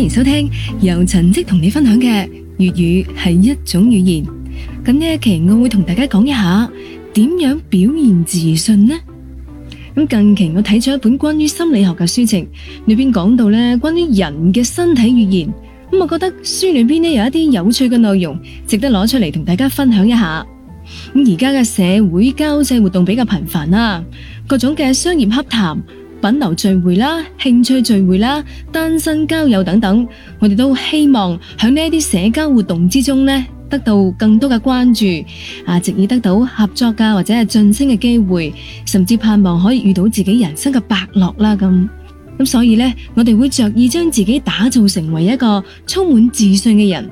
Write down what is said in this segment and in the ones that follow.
歡迎收聽，由陳迹同你分享嘅粵語係一種語言。咁呢一期，我會同大家講一下點樣表現自信呢？咁近期我睇咗一本關於心理學嘅書籍，裏邊講到咧關於人嘅身體語言。咁我覺得書裏邊咧有一啲有趣嘅內容，值得攞出嚟同大家分享一下。咁而家嘅社會交際活動比較頻繁啦，各種嘅商業洽談。品流聚會啦、興趣聚會啦、單身交友等等，我哋都希望喺呢啲社交活動之中呢，得到更多嘅關注啊，直以得，得到合作㗎或者係晉升嘅機會，甚至盼望可以遇到自己人生嘅伯樂啦。噉，噉所以呢，我哋會著意將自己打造成為一個充滿自信嘅人，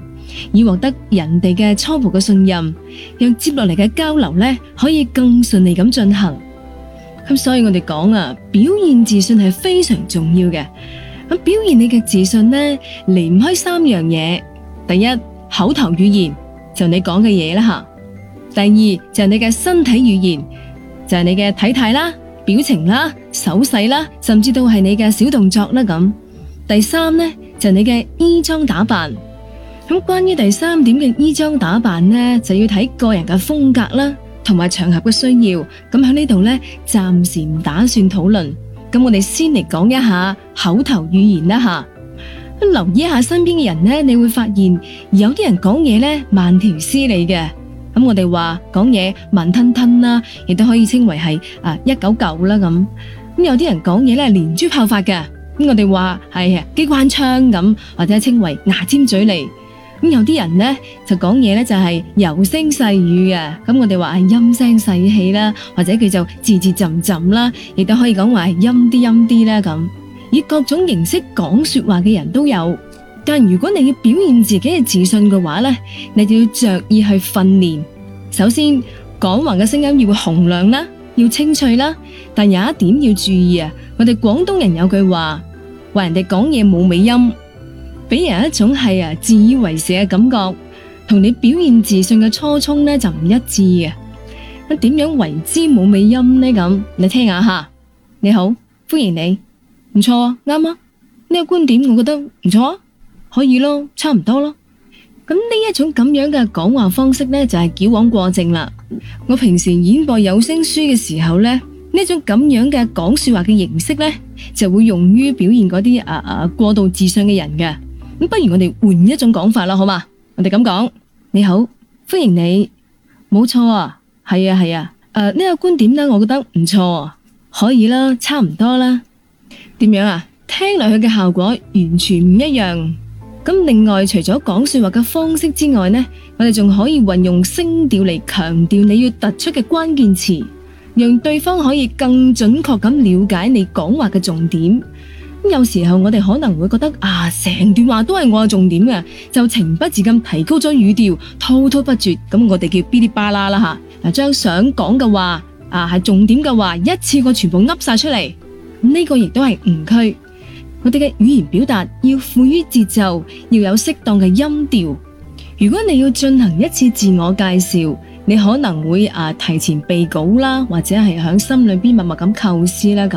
以獲得人哋嘅初步嘅信任，讓接落嚟嘅交流呢，可以更順利咁進行。所以我哋講啊，表現自信係非常重要嘅。表現你嘅自信呢，離唔開三樣嘢。第一，口頭語言就你講嘅嘢啦。第二就係你嘅身體語言，就係你嘅體態啦、表情啦、手勢啦，甚至都係你嘅小動作啦咁。第三呢，就係你嘅衣裝打扮。咁關於第三點嘅衣裝打扮呢，就要睇個人嘅風格啦。同埋場合嘅需要，咁喺呢度咧，暫時唔打算討論。咁我哋先嚟講一下口頭語言啦吓，留意一下身邊嘅人咧，你會發現有啲人講嘢咧慢條斯理嘅，咁我哋話講嘢慢吞吞啦，亦都可以稱為係啊一九九啦咁。咁有啲人講嘢咧連珠炮發嘅，咁我哋話係機關槍咁，或者稱為牙尖嘴利。咁有啲人咧就講嘢咧就係柔聲細語嘅，咁我哋話係陰聲細氣啦，或者叫做字字浸浸啦，亦都可以講話係陰啲陰啲啦咁。以各種形式講說話嘅人都有，但如果你要表現自己嘅自信嘅話呢，你就要着意去訓練。首先，講話嘅聲音要洪亮啦，要清脆啦，但有一點要注意啊，我哋廣東人有句話，說人家說話，人哋講嘢冇尾音。俾人一種係啊自以為是嘅感覺，同你表現自信嘅初衷咧就唔一致嘅。啊，點樣為之冇尾音呢？咁你聽一下，你好，歡迎你，唔錯啊，啱啊，呢、呢個觀點我覺得唔錯啊，可以咯，差唔多咯。咁呢一種咁樣嘅講話方式呢，就係矯枉過正啦。我平時演播有聲書嘅時候呢，呢種咁樣嘅講說話嘅形式呢，就會用於表現嗰啲啊啊過度自信嘅人嘅。咁，不如我哋換一種講法啦，好嘛？我哋咁講，你好，歡迎你，冇錯啊，係啊係啊，誒、呃、呢、呢個觀點呢我覺得唔錯，可以啦，差唔多啦，點樣啊？聽落去嘅效果完全唔一樣。咁另外，除咗講說話嘅方式之外呢，我哋仲可以運用聲調嚟強調你要突出嘅關鍵詞，讓對方可以更準確咁了解你講話嘅重點。有時候我哋可能會覺得啊，成段話都係我嘅重點嘅，就情不自禁提高咗語調，滔滔不絕。咁我哋叫嗶哩吧啦啦吓，將想講嘅話啊係重點嘅話，一次過全部噏晒出嚟。咁、這、呢個亦都係誤區。我哋嘅語言表達要富於節奏，要有適當嘅音調。如果你要進行一次自我介紹，你可能會啊提前備稿啦，或者係喺心裏邊默默咁構思啦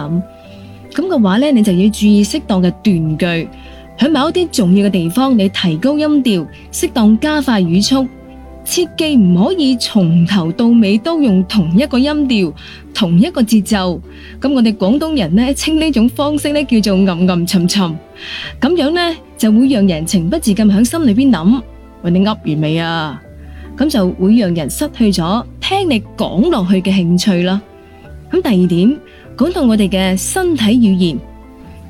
咁嘅話咧，你就要注意適當嘅斷句，喺某一啲重要嘅地方，你提高音調，適當加快語速。切忌唔可以從頭到尾都用同一個音調、同一個節奏。咁我哋廣東人咧，稱呢種方式咧叫做暗暗沉沉。咁樣咧就會讓人情不自禁喺心裏邊諗，喂，你噏完未啊？咁就會讓人失去咗聽你講落去嘅興趣啦。咁第二點。.講到我哋嘅身體語言，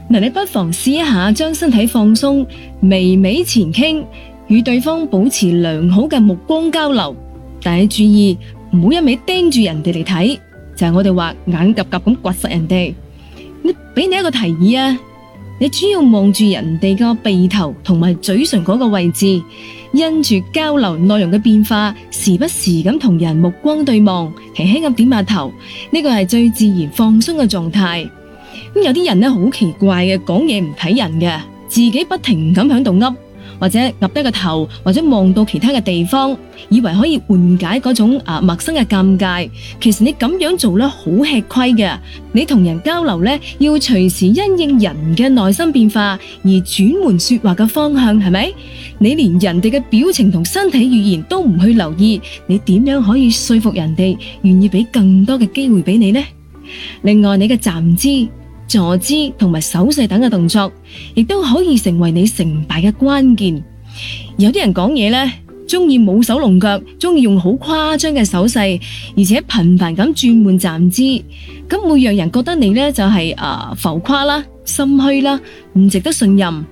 嗱，你不妨試一下將身體放鬆，微微前傾，與對方保持良好嘅目光交流，但係注意唔好一味盯住人哋嚟睇，就係、是、我哋話眼夾夾咁刮實人哋。你俾你一個提議啊，你主要望住人哋個鼻頭同埋嘴唇嗰個位置。因住交流內容嘅變化，時不時咁同人目光對望，輕輕咁點下頭，呢個係最自然放鬆嘅狀態。有啲人咧好奇怪嘅，講嘢唔睇人嘅，自己不停咁響度噏。或者岌低個頭，或者望到其他嘅地方，以為可以緩解嗰種陌生嘅尷尬。其實你咁樣做呢，好吃虧嘅。你同人交流呢，要隨時因應人嘅內心變化而轉換說話嘅方向，係咪？你連人哋嘅表情同身體語言都唔去留意，你點樣可以說服人哋願意俾更多嘅機會俾你呢？另外，你嘅站姿。坐姿同埋手勢等嘅動作，亦都可以成為你成敗嘅關鍵。有啲人講嘢咧，中意舞手龍腳，中意用好誇張嘅手勢，而且頻繁咁轉換站姿，咁會讓人覺得你咧就係浮誇啦、心虛啦，唔值得信任。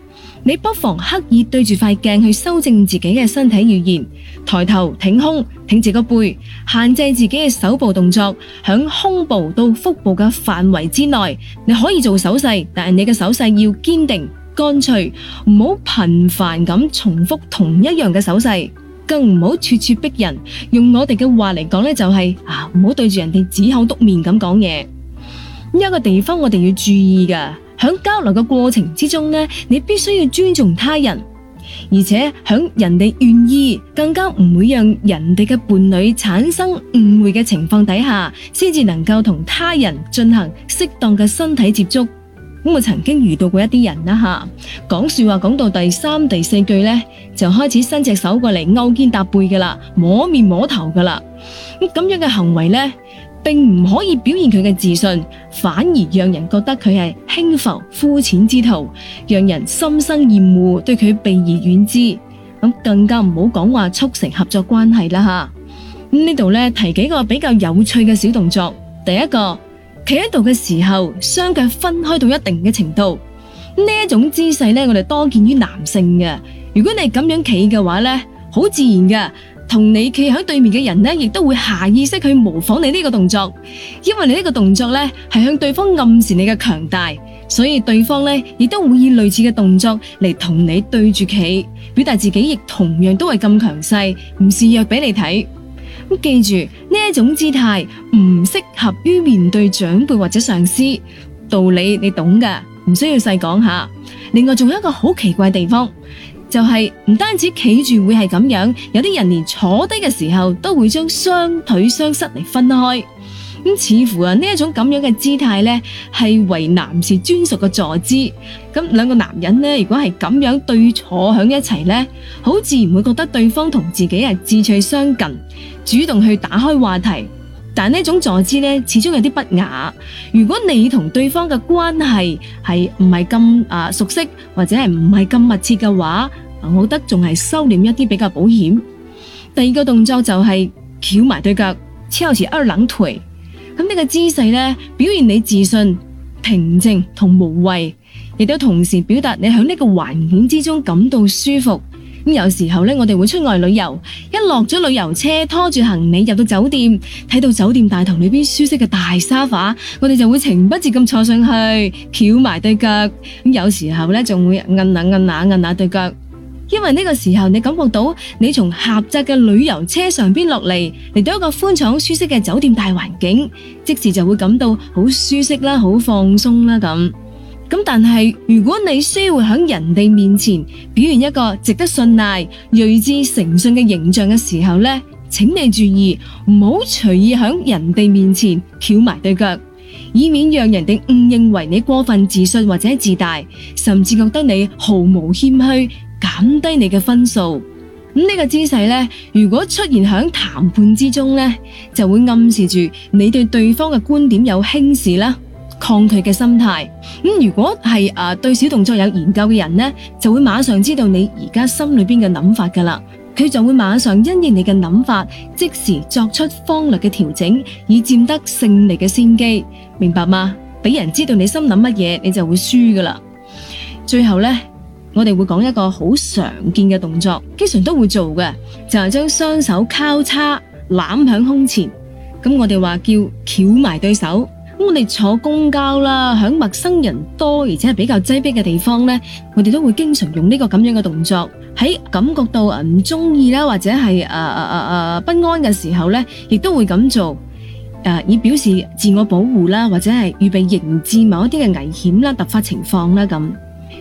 你不妨刻意對住塊鏡去修正自己嘅身體語言，抬頭挺胸，挺直個背，限制自己嘅手部動作響胸部到腹部嘅範圍之內。你可以做手勢，但係你嘅手勢要堅定、乾脆，唔好頻繁咁重複同一樣嘅手勢，更唔好咄咄逼人。用我哋嘅話嚟講呢就係啊，唔好對住人哋指口督面咁講嘢。呢個地方我哋要注意㗎喺交流嘅過程之中呢，你必須要尊重他人，而且喺人哋願意，更加唔會讓人哋嘅伴侶產生誤會嘅情況底下，先至能夠同他人進行適當嘅身體接觸。我曾經遇到過一啲人，講說話講到第三、第四句呢，就開始伸隻手過嚟勾肩搭背嘅啦，摸面摸頭嘅啦。噉樣嘅行為呢，並唔可以表現佢嘅自信，反而讓人覺得佢係輕浮膚淺之徒，讓人心生厭惡，對佢避而遠之。更加唔好講話促成合作關係啦吓。咁呢度提幾個比較有趣嘅小動作。第一個，企喺度嘅時候，雙腳分開到一定嘅程度，呢種姿勢我哋多見於男性。如果你咁樣企嘅話，好自然嘅。同你企喺對面嘅人呢，亦都會下意識去模仿你呢個動作，因為你呢個動作呢，係向對方暗示你嘅強大，所以對方呢，亦都會以類似嘅動作嚟同你對住企，表達自己亦同樣都係咁強勢，唔示弱畀你睇。記住呢種姿態唔適合於面對長輩或者上司，道理你懂㗎，唔需要細講下。另外仲有一個好奇怪的地方。就係唔單止企住會係咁樣，有啲人連坐低嘅時候都會將雙腿雙膝嚟分開，咁似乎啊呢一種咁樣嘅姿態咧係為男士專屬嘅坐姿。咁兩個男人咧，如果係咁樣對坐響一齊咧，好自然會覺得對方同自己係志趣相近，主動去打開話題。但這種坐姿咧，始終有啲不雅。如果你同對方嘅關係係唔係咁啊熟悉，或者係唔係咁密切嘅話，我覺得仲係收斂一啲比較保險。第二個動作就係翹埋對腳，有時二郎腿。咁呢個姿勢呢，表現你自信、平靜同無畏，亦都同時表達你喺呢個環境之中感到舒服。咁有時候咧，我哋會出外旅遊，一落咗旅遊車，拖住行李入到酒店，睇到酒店大堂裏邊舒適嘅大沙發，我哋就會情不自禁坐上去，翹埋對腳。咁有時候咧，仲會摁下摁下摁下對腳，因為呢個時候你感覺到你從狹窄嘅旅遊車上邊落嚟，嚟到一個寬敞舒適嘅酒店大環境，即時就會感到好舒適啦，好放鬆啦咁。咁但係如果你需要喺人哋面前表現一個值得信賴、睿智、誠信嘅形象嘅時候呢，請你注意唔好隨意喺人哋面前蹺埋對腳，以免讓人哋誤認為你過分自信或者自大，甚至覺得你毫無謙虛，減低你嘅分數。咁呢個姿勢呢，如果出現喺談判之中呢，就會暗示住你對對方嘅觀點有輕視啦。抗拒嘅心態、嗯，如果係、啊、對小動作有研究嘅人呢，就會馬上知道你而家心裏邊嘅諗法噶啦，佢就會馬上因應你嘅諗法，即時作出方略嘅調整，以佔得勝利嘅先機，明白嗎？俾人知道你心諗乜嘢，你就會輸噶啦。最後呢，我哋會講一個好常見嘅動作，經常都會做嘅，就係將雙手交叉攬喺胸前，咁我哋話叫翹埋對手。我哋坐公交啦，喺陌生人多而且係比較擠迫嘅地方呢，我哋都會經常用呢個咁樣嘅動作。喺感覺到唔中意啦，或者係、呃呃呃、不安嘅時候呢，亦都會咁做、呃，以表示自我保護啦，或者係預備迎戰某一啲嘅危險啦、突發情況啦噉，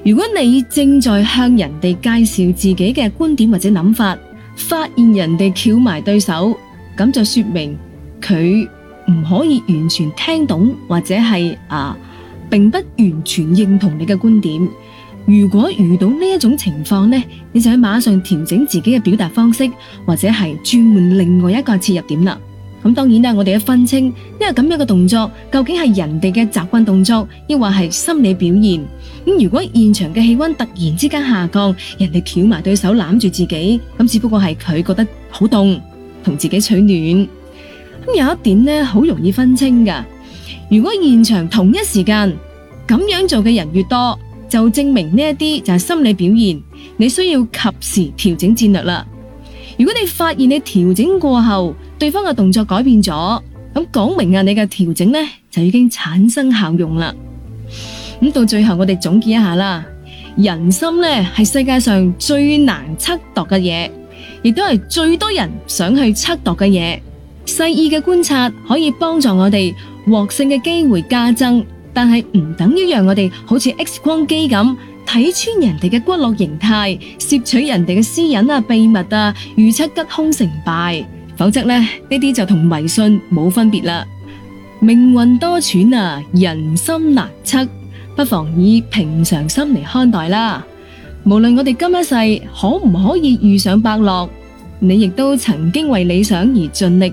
如果你正在向人哋介紹自己嘅觀點或者諗法，發現人哋翹埋對手，噉就說明佢唔可以完全聽懂，或者係啊，並不完全認同你嘅觀點。如果遇到呢一種情況呢，你就係馬上調整自己嘅表達方式，或者係轉換另外一個切入點啦。咁當然啦，我哋要分清，因為咁樣嘅動作究竟係人哋嘅習慣動作，亦或係心理表現。咁如果現場嘅氣溫突然之間下降，人哋翹埋對手攬住自己，咁只不過係佢覺得好凍，同自己取暖。有一點咧，好容易分清噶。如果現場同一時間咁樣做嘅人越多，就證明呢一啲就係心理表現，你需要及時調整戰略啦。如果你發現你調整過後，對方嘅動作改變咗，咁講明啊，你嘅調整呢，就已經產生效用啦。咁到最後，我哋總結一下啦。人心呢係世界上最難測度嘅嘢，亦都係最多人想去測度嘅嘢。細意嘅觀察可以幫助我哋獲勝嘅機會加增，但係唔等於讓我哋好似 X 光機咁睇穿人哋嘅骨骼形態，攝取人哋嘅私隱啊、秘密啊，預測吉凶成敗。否則呢，呢啲就同迷信冇分別啦。命運多舛啊，人心難測，不妨以平常心嚟看待啦。無論我哋今一世可唔可以遇上伯樂，你亦都曾經為理想而盡力。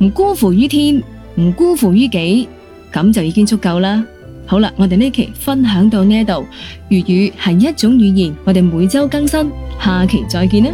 唔辜負於天，唔辜負於己，咁就已經足夠啦。好啦，我哋呢期分享到呢度，粵語係一種語言，我哋每周更新，下期再見啦。